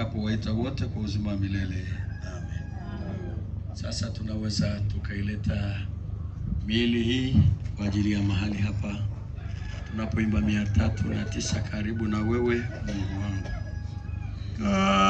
atakapowaita wote kwa uzima wa milele. Amen. Sasa tunaweza tukaileta miili hii kwa ajili ya mahali hapa tunapoimba mia tatu na tisa, karibu na wewe Mungu wangu. Ah.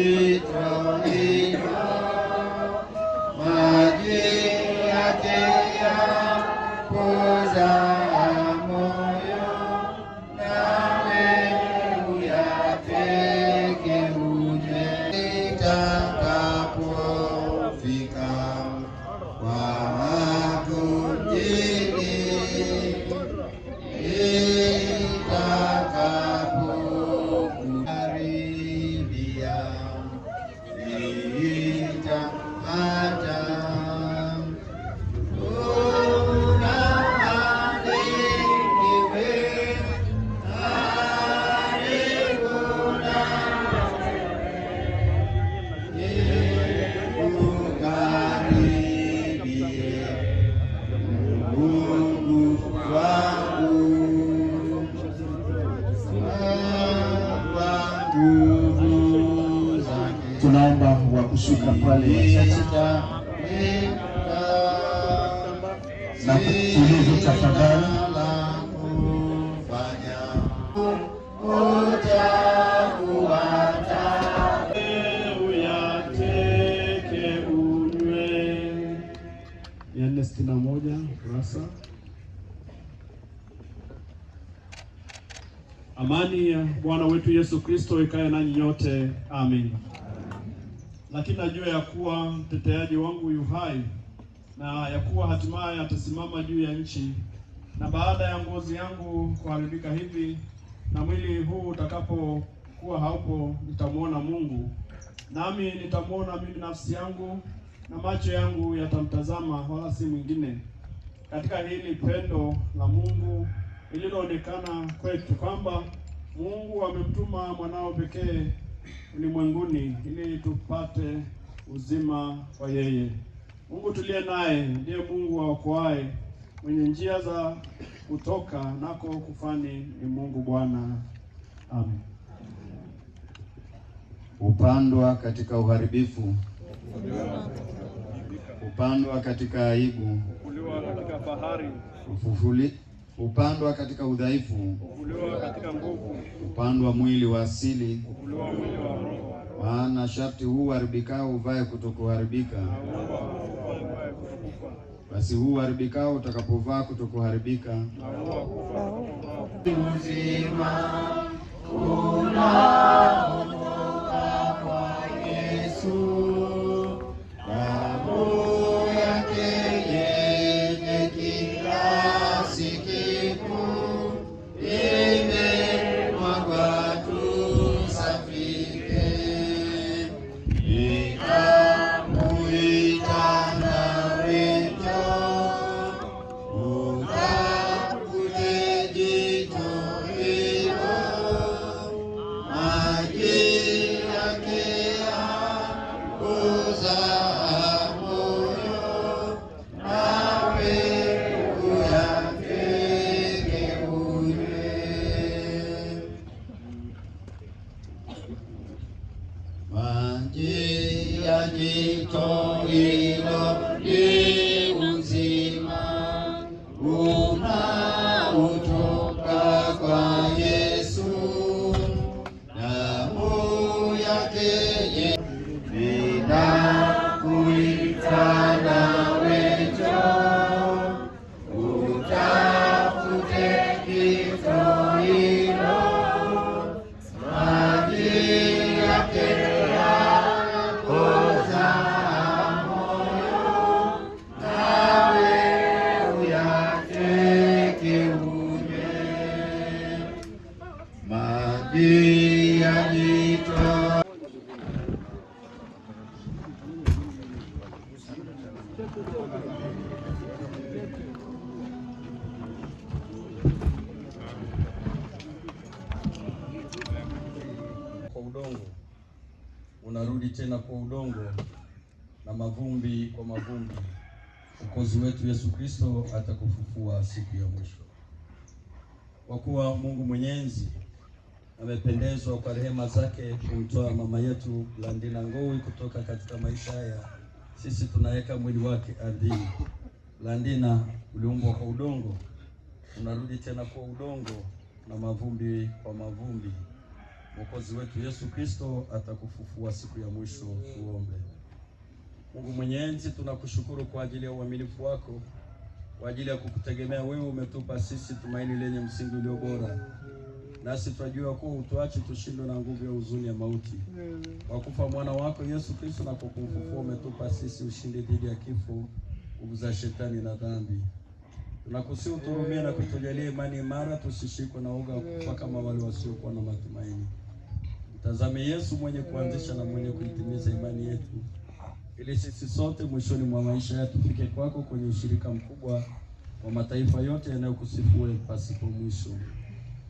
E tunaomba wa kushuka pale wachache na kutuliza tafadhali. sitini na moja Amani ya Bwana wetu Yesu Kristo ikae nanyi nyote, amen lakini najua ya kuwa mteteaji wangu yu hai na ya kuwa hatimaye atasimama juu ya nchi, na baada ya ngozi yangu kuharibika hivi na mwili huu utakapokuwa haupo, nitamwona Mungu, nami nitamwona mimi nafsi yangu, na macho yangu yatamtazama, wala si mwingine. Katika hili pendo la Mungu lililoonekana kwetu kwamba Mungu amemtuma mwanao pekee ulimwenguni ili tupate uzima kwa yeye. Mungu tuliye naye ndiye Mungu aokoaye, mwenye njia za kutoka nako kufani ni Mungu Bwana. Amen. Upandwa katika uharibifu, upandwa katika aibu, ufufuliwa katika fahari, upandwa katika udhaifu, ufufuliwa katika nguvu, upandwa mwili wa asili, ufufuliwa mwili wa roho. Maana sharti huu uharibikao uvae kutokuharibika, basi huu uharibikao utakapovaa kutokuharibika, uzima una Whoa. kwa udongo unarudi tena kwa udongo na mavumbi kwa mavumbi. Mwokozi wetu Yesu Kristo atakufufua siku ya mwisho. Kwa kuwa Mungu Mwenyezi amependezwa kwa rehema zake kumtoa mama yetu Blandina Ngowi kutoka katika maisha haya. Sisi tunaweka mwili wake ardhini. Blandina, uliumbwa kwa udongo, unarudi tena kwa udongo na mavumbi kwa mavumbi. Mwokozi wetu Yesu Kristo atakufufua siku ya mwisho. Tuombe. Mungu mwenye enzi, tunakushukuru kwa ajili ya uaminifu wako, kwa ajili ya kukutegemea wewe. Umetupa sisi tumaini lenye msingi ulio bora nasi tunajua kuwa utuache tushindwe na nguvu ya huzuni ya mauti, mm. kufa mwana wako Yesu Kristo na kwa kumfufua mm. umetupa sisi ushindi dhidi ya kifo, nguvu za shetani na dhambi. Tunakusihi uturumie na kutujalia imani imara, tusishikwe na uoga mm. kufa kama wale wasiokuwa na matumaini. Mtazame Yesu mwenye kuanzisha na mwenye kuitimiza imani yetu, ili sisi sote mwishoni mwa maisha yetu tufike kwako kwenye ushirika mkubwa wa mataifa yote yanayokusifu wewe pasipo mwisho.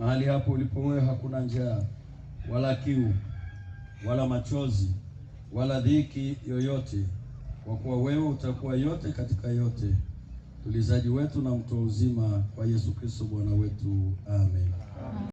Mahali hapo ulipo wewe hakuna njaa wala kiu wala machozi wala dhiki yoyote, kwa kuwa wewe utakuwa yote katika yote, mtulizaji wetu na mtoa uzima, kwa Yesu Kristo Bwana wetu, amen.